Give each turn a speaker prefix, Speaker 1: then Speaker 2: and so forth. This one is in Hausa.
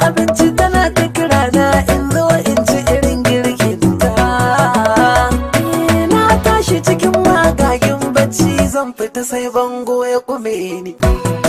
Speaker 1: abinci tana ta
Speaker 2: kira
Speaker 3: na in zo in ci irin girkin eh, na tashi cikin magagin bacci zan fita sai bango ya kume ni